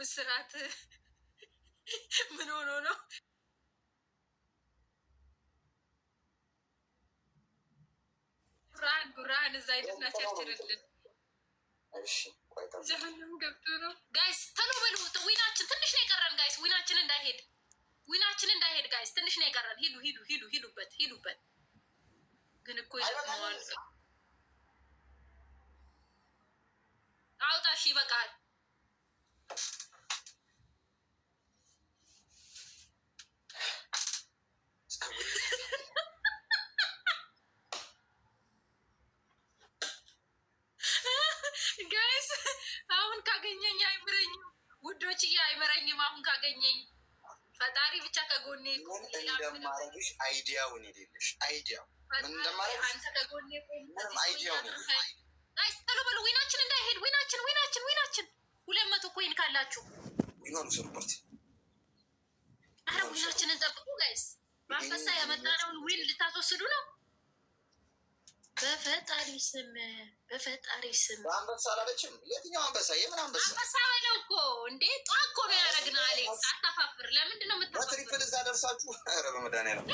ምስራት ምን ሆኖ ነው? ቁርአን ቁርአን እዛ ሄድና ቸርችርልን ዘመንም ገብቶ ነው። ጋይስ ተሎ በሉ። ዊናችን ትንሽ ነው የቀረን ጋይስ፣ ዊናችን እንዳይሄድ፣ ዊናችን እንዳይሄድ ጋይስ፣ ትንሽ ነው የቀረን። ሂዱ ሂዱ ሂዱ፣ ሂዱበት ሂዱበት። ግን እኮ ይዘመዋል። አውጣ። እሺ ይበቃል። እንደማረግሽ አይዲያውን የሌለሽ አይዲያው ምን እንደማረግሽ ምንም አይዲያው ቶሎ በሉ ዊናችን እንዳይሄድ ዊናችን ዊናችን ዊናችን ሁለት መቶ ኮይን ካላችሁ ዊኖሩ ስሩበት አረ ዊናችንን ጠብቁ ጋይስ ባፈሳ ያመጣነውን ዊን ልታስወስዱ ነው በፈጣሪ ስም በፈጣሪ ስም አንበሳ አላለችም። የትኛው አንበሳ? የምን አንበሳ? አንበሳ በለው እኮ እንዴ! ጠዋት እኮ ነው ያደረግነው። አሌክስ አታፋፍር። ለምንድን ነው የምታፋፍር? በትሪፕል እዛ ደርሳችሁ። ኧረ በመድኃኒዓለም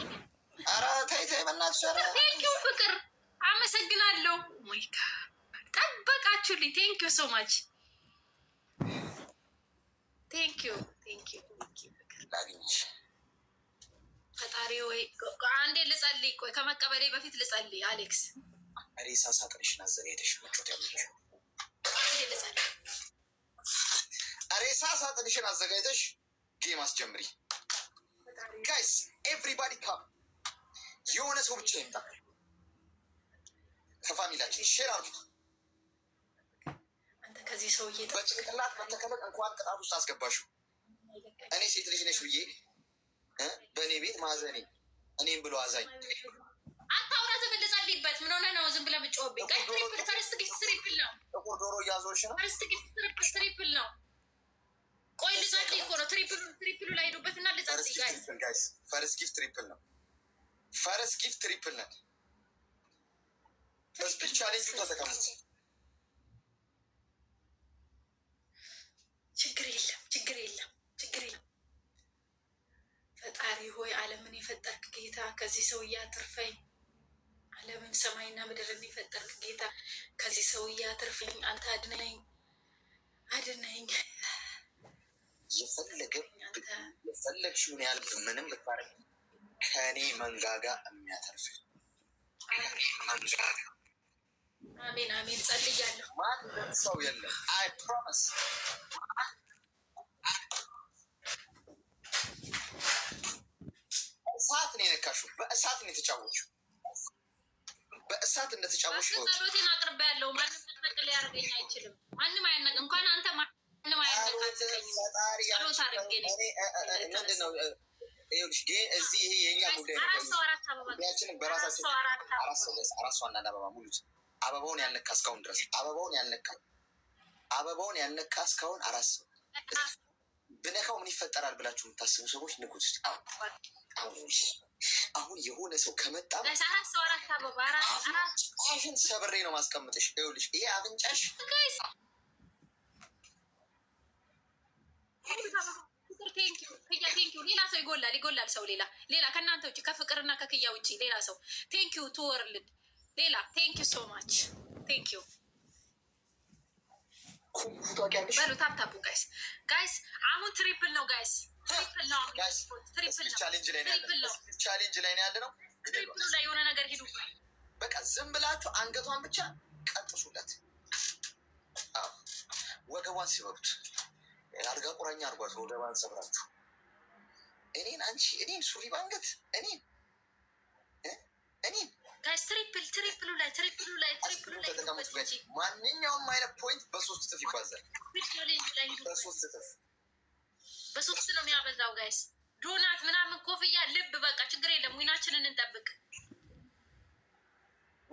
ኧረ ተይ ተይ፣ በእናትሽ ኧረ ቴንኪው ፍቅር፣ አመሰግናለሁ። ሞይካ oh ጠበቃችሁልኝ። ቴንኪው ሶ ማች ቴንኪው ቴንኪው ቴንኪው ፍቅር ላግኝሽ ፈጣሪ ወይ አንዴ ልጸልይ። ቆይ ከመቀበሌ በፊት ልጸልይ አሌክስ ሬሳ ሳጥንሽን አዘጋጅተሽ መጮት ያለብሽ ሬሳ ሳጥንሽን አዘጋጅተሽ ጌም አስጀምሪ። ጋይስ ኤቭሪባዲ ካም የሆነ ሰው ብቻ ይምጣ። ከፋሚላችን ሼር አርጉት። ከዚህ ሰውዬ በጭንቅላት መተከለቅ እንኳን ቅጣት ውስጥ አስገባሽው። እኔ ሴት ልጅ ነሽ ብዬ በእኔ ቤት ማዘኔ እኔም ብሎ አዛኝ ሂጂበት። ምን ሆነህ ነው ዝም ብለህ የምትጮህብኝ? ቀይ ትሪፕል ፈርስት ጊፍት ትሪፕል ነው። ጥቁር ዶሮ እያዞች ነው። ፈርስት ጊፍት ትሪፕል ትሪፕል ነው። ቆይ ልጻት እኮ ነው። ትሪፕሉ ትሪፕሉ ላይ ሄዱበት እና ልጻት ጋይስ። ፈርስት ጊፍት ትሪፕል ነው። ፈርስት ጊፍት ትሪፕል ነው። በስፒል ቻሌንጁ ተጠቀሙት። ችግር የለም፣ ችግር የለም፣ ችግር የለም። ፈጣሪ ሆይ ዓለምን የፈጠርክ ጌታ ከዚህ ሰው እያትርፈኝ ለምን ሰማይና ምድር የሚፈጠርክ ጌታ ከዚህ ሰውዬ አትርፈኝ፣ አንተ አድነኝ፣ አድነኝ። የፈለግሽውን ያህል ምንም ብታረግ ከእኔ መንጋጋ የሚያተርፍ አሜን፣ አሜን። ጸልያለሁ። ማንም ሰው የለም። አይ ፕሮሚስ እሳት ነው የነካሽው፣ በእሳት ነው የተጫወችው። በእሳት እንደተጫወሽ ነው። ጸሎቴን አቅርቤ ያለው ማንም ሊያደርገኝ አይችልም። ማንም አይነቅ እንኳን አንተ ማንም አይነቅ ጉዳይ አበባ አበባውን ያልነካ እስካሁን ድረስ አበባውን ያልነካ አበባውን ያልነካ እስካሁን አራት ሰው ብነካው ምን ይፈጠራል ብላችሁ የምታስቡ ሰዎች አሁን የሆነ ሰው ከመጣ አፍንጫሽን ሰብሬ ነው ማስቀምጥሽ። ይኸውልሽ ይሄ አፍንጫሽ ሌላ ሰው ይጎላል ይጎላል። ሰው ሌላ ሌላ ከእናንተ ውጭ ከፍቅርና ከክያ ውጭ ሌላ ሰው ቴንክ ዩ ቱ ሌላ ቴንክ ዩ ሶ ማች ቴንክ ዩ በሉ ታፕ ታፑ ጋይስ ጋይስ፣ አሁን ትሪፕል ነው ጋይስ ቻሌንጅ ላይ ቻሌንጅ ላይ ነው ያለ ነው። የሆነ ነገር ሄዱ። በቃ ዝም ብላችሁ አንገቷን ብቻ ቀጥሱለት። ወገቧን ሲበሉት አልጋ ቁራኛ አድርጓት ወገቧን ሰብራችሁ እኔን አንቺ እኔን ሱሪ ባንገት እኔን እኔን ትሪፕል ትሪፕሉ ላይ ትሪፕሉ ላይ ትሪፕሉ ላይ ማንኛውም አይነት ፖይንት በሶስት እጥፍ ይባዛል። በሶስት እጥፍ በሶስት ነው የሚያበዛው። ጋይስ ዶናት ምናምን ኮፍያ ልብ በቃ ችግር የለም። ዊናችንን እንጠብቅ።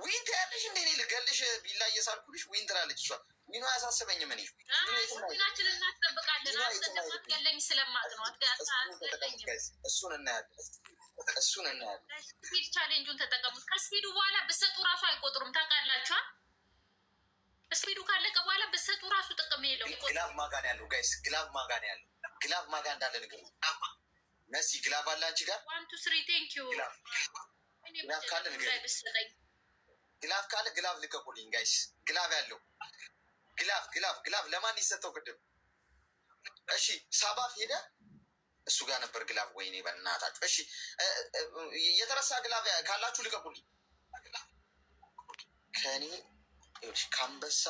ዊን ትያለሽ እንደ እኔ ልገልሽ ቢላ እየሳልኩልሽ ዊን ትላለች እሷ። ዊኑ አያሳስበኝም። ምን ዊናችንን እናስጠብቃለን። አስደማትገለኝ ስለማቅ ነው አትገለኝም። እሱን እናያለን እሱን እናያለን። ስፒድ ቻሌንጁን ተጠቀሙት። ከስፒዱ በኋላ ብሰጡ ራሱ አይቆጥሩም። ታውቃላችኋል። ስፒዱ ካለቀ በኋላ ብሰጡ ራሱ ጥቅም የለውም። ግላብ ማጋን ያለው ጋይስ፣ ግላብ ማጋን ያለው ግላቭ ማጋ እንዳለ ነገር መሲ ግላቭ አለ አንቺ ጋር ግላቭ ካለ ንገር። ግላብ ካለ ግላብ ልቀቁልኝ ጋይስ። ግላቭ ያለው ግላቭ ግላቭ ግላቭ ለማን ይሰጠው? ቅድም እሺ፣ ሳባፍ ሄደ እሱ ጋር ነበር ግላብ። ወይኔ በእናታችሁ። እሺ፣ የተረሳ ግላቭ ካላችሁ ልቀቁልኝ። ከኔ ከአንበሳ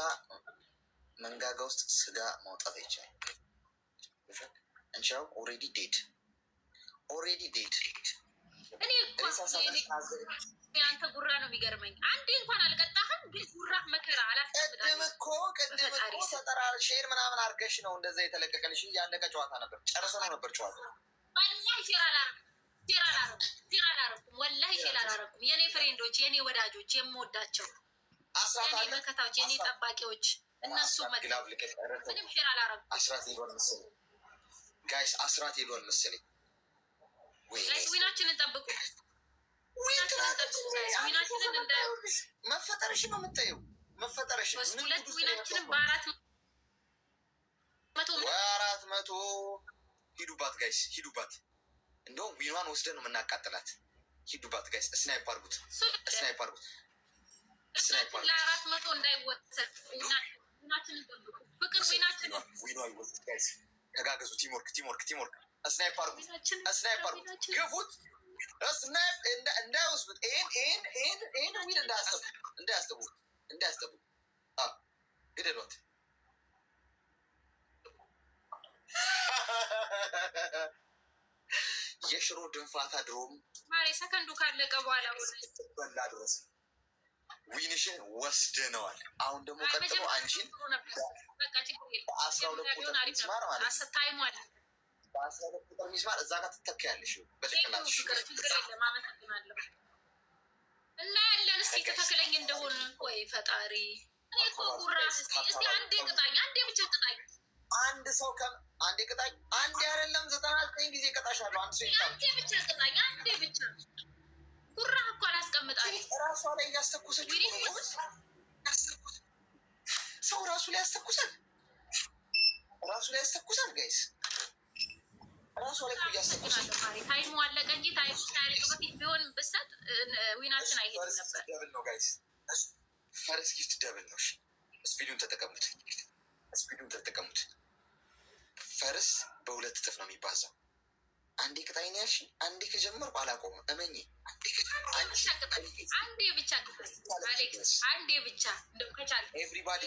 መንጋጋ ውስጥ ስጋ ማውጣት ይቻላል። አንቺ አሁን ኦልሬዲ ዴድ ኦልሬዲ ዴድ። እኔ አንተ ጉራ ነው የሚገርመኝ። አንዴ እንኳን አልቀጣህም፣ ግን ጉራ መከራ አላስቀድም እኮ ቅድም እኮ ተጠራ ሼር ምናምን አድርገሽ ነው እንደዛ የተለቀቀልሽ። ያለቀ ጨዋታ ነበር፣ ነው ነበር ጨዋታ ወላሂ ሼር አላረኩም። የኔ ፍሬንዶች፣ የኔ ወዳጆች፣ የምወዳቸው የኔ መከታዎች፣ የኔ ጠባቂዎች እነሱ ምንም ሼር አላረኩም። ጋይስ አስራት ሄዷል መሰለኝ። ዊናችንን ጠብቁ። መፈጠረሽ ነው የምታየው። መፈጠረሽ በአራት መቶ ሂዱባት ጋይስ፣ ሂዱባት። እንደውም ዊኗን ወስደን ነው የምናቃጥላት። ሂዱባት ጋይስ፣ ስናይፕ አድርጉት፣ ስናይፕ አድርጉት፣ ስናይፕ አድርጉት። ለአራት መቶ እንዳይወሰድ ዊናችንን ጠብቁ። ፍቅር ዊናችንን ዊኗ ይወስድ ጋይስ ተጋገዙ። ቲምወርክ ቲምወርክ ቲምወርክ። ስናይፕ አርጉት፣ ስናይፕ አርጉት፣ ግፉት። እንዳይወስዱት ይሄን ሚል እንዳያስቡ እንዳያስቡ እንዳያስቡ ግደሏት። የሽሮ ድንፋታ ድሮም ማሬ ሰከንዱ ካለቀ በኋላ በላ ድረስ ዊንሽን ወስደነዋል። አሁን ደግሞ ቀጥሎ አንቺን በአስራ ሁለት ቁጥር ሚስማር ማለት ነው። ሚስማር እዛ ጋር ትተካያለሽ። ያለን ወይ ፈጣሪ አንድ ሰው አንዴ ቅጣኝ፣ አንዴ ዘጠና ዘጠኝ ጊዜ አንዴ ብቻ ቅጣኝ፣ አንዴ ብቻ ሁራ እኮ አላስቀምጣለች ራሷ ላይ እያስተኩሰች ሰው ራሱ ላይ ያስተኩሳል። ራሱ ላይ ያስተኩሳል። ጋይስ ታይሙ አለቀ እንጂ ታይሙ ታሪክ በፊት ቢሆን ብሰጥ ዊናችን አይሄድም ነበር። ፈርስ ጊፍት ደብል ነው። ስፒዱን ተጠቀሙት፣ ስፒዱን ተጠቀሙት። ፈርስ በሁለት እጥፍ ነው የሚባዛው። አንዴ ቅጣይ ነው አንዴ ከጀመርኩ አላቆምም። እመኝ አንዴ ብቻ አንዴ ብቻ እንደው ከቻልክ ኤቭሪባዲ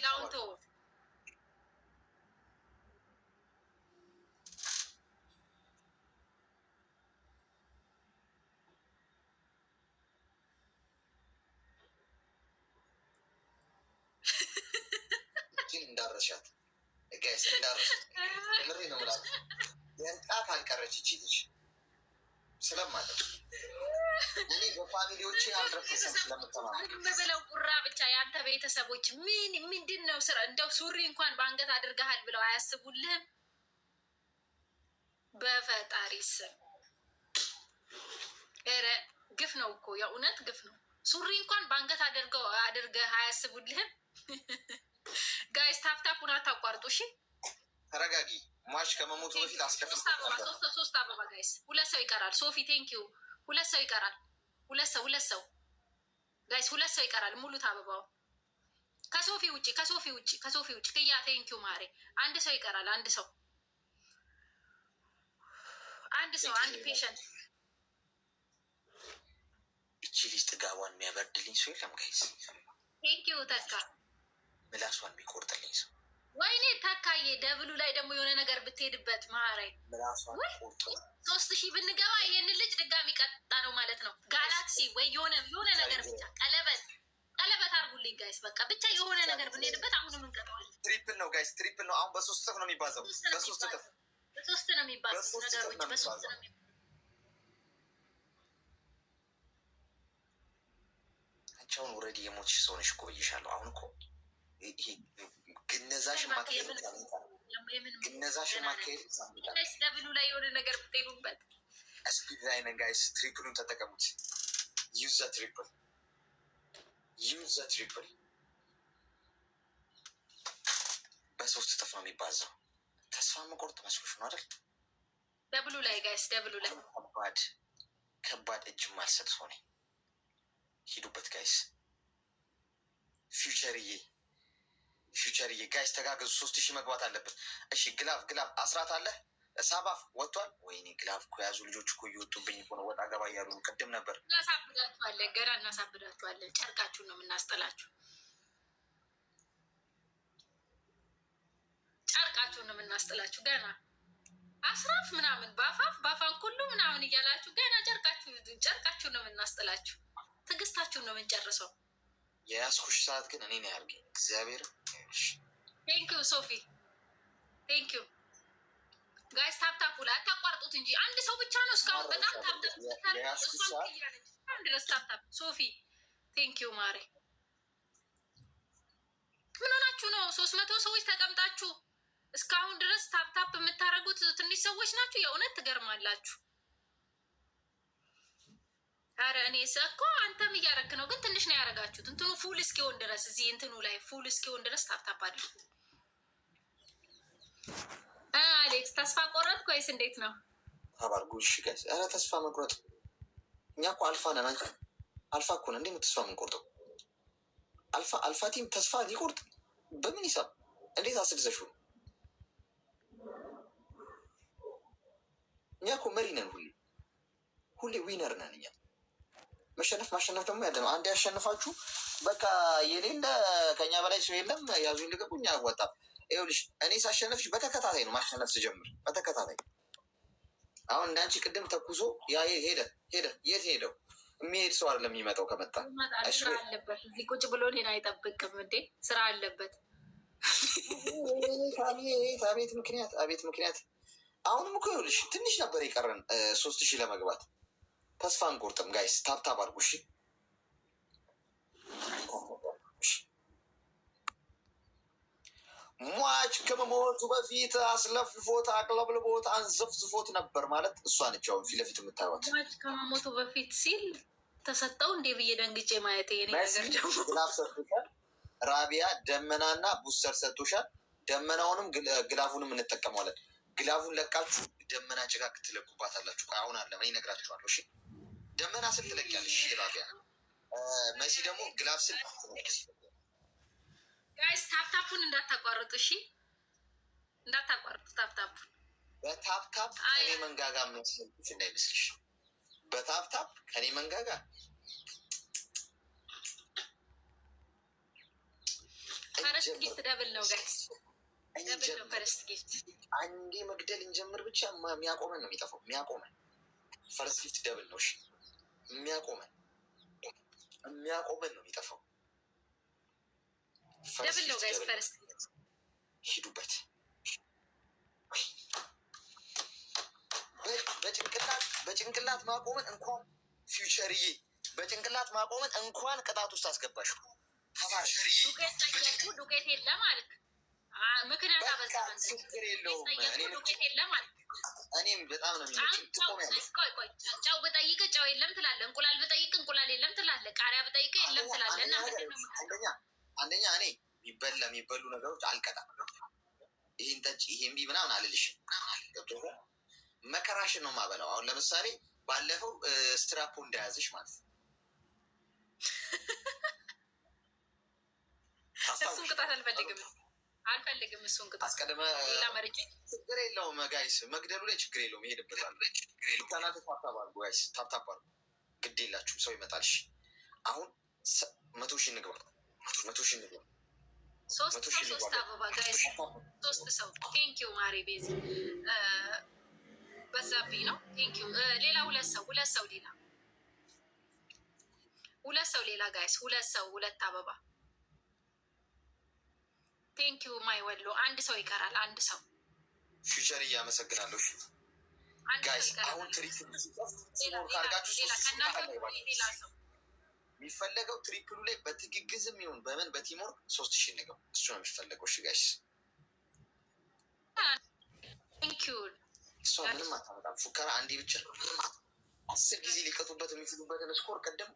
ይቺ ልጅ ስለማለት ቁራ ብቻ የአንተ ቤተሰቦች ምን ምንድን ነው ስራ እንደው ሱሪ እንኳን በአንገት አድርገሃል ብለው አያስቡልህም። በፈጣሪ ስም ኧረ ግፍ ነው እኮ የእውነት ግፍ ነው። ሱሪ እንኳን በአንገት አድርገው አድርገ አያስቡልህም። ጋይስ ታፕታፑን አታቋርጡ እሺ። ተረጋጊ ሟች ከመሞቱ በፊት አስከፍል ሶስት አበባ ጋይስ፣ ሁለት ሰው ይቀራል። ሶፊ ቴንኪዩ። ሁለት ሰው ይቀራል። ሁለት ሰው ሁለት ሰው ጋይስ፣ ሁለት ሰው ይቀራል። ሙሉት አበባው ከሶፊ ውጭ ከሶፊ ውጭ ከሶፊ ውጭ ክያ ቴንኪዩ ማሬ። አንድ ሰው ይቀራል። አንድ ሰው አንድ ሰው አንድ ፔሽንት እቺ ልጅ ጥጋቧን የሚያበርድልኝ ሰው የለም ጋይስ። ቴንኪዩ ተካ ምላሷን የሚቆርጥልኝ ሰው ወይኔ ታካዬ ደብሉ ላይ ደግሞ የሆነ ነገር ብትሄድበት ማረይ ሶስት ሺህ ብንገባ ይህን ልጅ ድጋሚ ቀጣ ነው ማለት ነው። ጋላክሲ ወይ የሆነ የሆነ ነገር ብቻ ቀለበት ቀለበት አርጉልኝ ጋይስ፣ በቃ ብቻ የሆነ ነገር ብንሄድበት አሁን እንገባዋለን። ትሪፕል ነው ጋይስ፣ ትሪፕል ነው። አሁን በሶስት እጥፍ ነው የሚባዘው፣ በሶስት እጥፍ በሶስት ነው የሚባዘው ነገሮች በሶስት ነው የሚባዘው። አንቺ አሁን ኦልሬዲ የሞትሽ ሰው ነሽ እኮ ብዬሻለሁ። አሁን እኮ ይሄ ግነዛ ሽማካሄድ ግነዛ ደብሉ ላይ የሆነ ነገር ብትሄዱበት ስፒድ ላይ ጋይስ። ትሪፕሉን ተጠቀሙት። ዩዝ ዘ ትሪፕል ዩዝ ዘ ትሪፕል በሶስት የሚባዛው። ተስፋ መቆርጥ መስሎሽ ነው አይደል? ደብሉ ላይ ጋይስ፣ ደብሉ ላይ ከባድ ከባድ እጅ ማልሰጥ ሆኔ ሂዱበት ጋይስ ፊውቸርዬ ፊውቸርዬ ጋይስ ተጋግዙ። ሶስት ሺህ መግባት አለበት። እሺ ግላቭ ግላቭ አስራት አለ ሳባፍ ወጥቷል። ወይኔ ግላቭ እኮ የያዙ ልጆች እኮ እየወጡብኝ እኮ ነው። ወጣ ገባ እያሉ ቅድም ነበር። እናሳብዳችኋለን፣ ገና እናሳብዳችኋለን። ጨርቃችሁን ነው የምናስጠላችሁ፣ ጨርቃችሁን ነው የምናስጠላችሁ። ገና አስራፍ ምናምን ባፋፍ ባፋን ሁሉ ምናምን እያላችሁ ገና ጨርቃችሁ ጨርቃችሁን ነው የምናስጠላችሁ። ትዕግስታችሁን ነው የምንጨርሰው። የያዝኩሽ ሰዓት ግን እኔ ነው ያርገኝ እግዚአብሔር ቴንክ ዩ ሶፊ ቴንክ ዩ ጋይስ። ታፕታፕ ላይ አታቋርጡት እንጂ አንድ ሰው ብቻ ነው እስካሁን። በጣም ታፕታፕ ድረስ ታፕታፕ። ሶፊ ቴንክ ዩ ማሬ። ምን ሆናችሁ ነው ሶስት መቶ ሰዎች ተቀምጣችሁ እስካሁን ድረስ ታፕታፕ የምታደርጉት? ትንሽ ሰዎች ናችሁ። የእውነት ትገርማላችሁ። አረ እኔ እኮ አንተም እያረክ ነው፣ ግን ትንሽ ነው ያረጋችሁት። እንትኑ ፉል እስኪሆን ድረስ እዚህ እንትኑ ላይ ፉል እስኪሆን ድረስ ታብታብ አድርጉ። አሌክስ ተስፋ ቆረጥክ ወይስ እንዴት ነው? አባርጉ። እሺ ጋይስ፣ አረ ተስፋ መቁረጥ እኛ እኮ አልፋ ነን። አንቺ አልፋ እኮ ነን። እንዴት ተስፋ የምንቆርጠው? አልፋ አልፋ ቲም ተስፋ ሊቆርጥ በምን ይሳብ? እንዴት አስደዘሹ? እኛ እኮ መሪ ነን፣ ሁሌ ሁሌ ዊነር ነን እኛ መሸነፍ ማሸነፍ ደግሞ ያለ ነው። አንድ ያሸንፋችሁ በቃ የሌለ ከኛ በላይ ሰው የለም። ያዙ ልቀቁ፣ እኛ አወጣም። ይኸውልሽ እኔ ሳሸነፍሽ በተከታታይ ነው ማሸነፍ ስጀምር በተከታታይ አሁን እንዳንቺ ቅድም ተኩሶ ያ ሄደ ሄደ የት ሄደው የሚሄድ ሰው አይደለም። የሚመጣው ከመጣ ስራ አለበት። እዚህ ቁጭ ብሎ እኔን አይጠብቅም እንዴ ስራ አለበት። አቤት ምክንያት፣ አቤት ምክንያት። አሁንም እኮ ይኸውልሽ ትንሽ ነበር የቀረን ሶስት ሺህ ለመግባት ተስፋ አንቆርጥም ጋይስ። ታብታብ አድርጉ እሺ። ሟች ከመሞቱ በፊት አስለፍፎት አቅለብልቦት አንዘፍዝፎት ነበር ማለት እሷ ነች። አሁን ፊት ለፊት የምታዩት ሟች ከመሞቱ በፊት ሲል ተሰጠው እንዴ ብዬ ደንግጬ ማየት የኔ ነገር ጀምሮ ራቢያ ደመናና ቡስተር ሰጥቶሻል። ደመናውንም ግላፉንም እንጠቀመዋለን። ግላፉን ለቃችሁ ደመና ጭጋግ ትለቁባታላችሁ። አሁን አለ እኔ እነግራችኋለሁ። እሺ ደመና ስንት ትለቂያለሽ? ራቢያ መሲ ደግሞ ግላፍ ስንት ጋይስ ታፕታፑን እንዳታቋርጡ፣ እሺ እንዳታቋርጡ። ታፕታፑን በታፕታፕ ከኔ መንጋጋ መስልሽ እንዳይመስልሽ። በታፕታፕ ከኔ መንጋጋ ፈረስት ጊፍት ደብል ነው ጋይስ፣ ደብል ፈረስት ጊፍት። አንዴ መግደል እንጀምር ብቻ። የሚያቆመን ነው የሚጠፋው፣ የሚያቆመን ፈረስት ጊፍት ደብል ነው። እሺ የሚያቆመን የሚያቆመን ነው የሚጠፋው። ሂዱበት በጭንቅላት በጭንቅላት ማቆመን እንኳን ፊውቸርዬ በጭንቅላት ማቆምን እንኳን ቅጣት ውስጥ አስገባሽ። ዱቄት የለ ማለት ምክንያት አበዛበት ችግር የለውም እኔም በጣም ነው ጨው ብጠይቅ ጨው የለም ትላለ፣ እንቁላል ብጠይቅ እንቁላል የለም ትላለ፣ ቃሪያ ብጠይቅ የለም ትላለ። እና አንደኛ እኔ የሚበላ የሚበሉ ነገሮች አልቀጣም። ይህን ጠጭ ይሄን ቢ ምናምን አልልሽም። መከራሽን ነው የማበላው። አሁን ለምሳሌ ባለፈው ስትራፖ እንደያዝሽ ማለት ነው። እሱም ቅጣት አልፈልግም። አልፈልግም። እሱን ቅጥ አስቀድመ ችግር የለውም ጋይስ፣ መግደሉ ላይ ችግር የለውም። ይሄድበታል። ጠላት ታፕታፕ አድርጉ ጋይስ፣ ታፕታፕ አድርጉ። ግድ የላችሁ ሰው ይመጣል። እሺ አሁን መቶ ሺህ እንግባ፣ መቶ ሺህ እንግባ። ሶስት ሰው ሶስት አበባ ጋይስ፣ ሶስት ሰው። ቴንኪው ማሪ ቤዝ በዛብኝ ነው። ቴንኪው ሌላ ሁለት ሰው፣ ሁለት ሰው ሌላ፣ ሁለት ሰው ሌላ ጋይስ፣ ሁለት ሰው፣ ሁለት አበባ ቴንኪዩ ማይ ወሎ። አንድ ሰው ይቀራል። አንድ ሰው ፊውቸር እያመሰግናለሁ። ጋይስ አሁን የሚፈለገው ትሪፕሉ ላይ በትግግዝም ይሁን በምን በቲሞር ሶስት ሺ ንገው እሱ ነው የሚፈለገው። እሺ ጋይስ ምንም አታመጣም ፉከራ አንዴ ብቻ አስር ጊዜ ሊቀጡበት የሚችሉበትን ስኮር ቅድም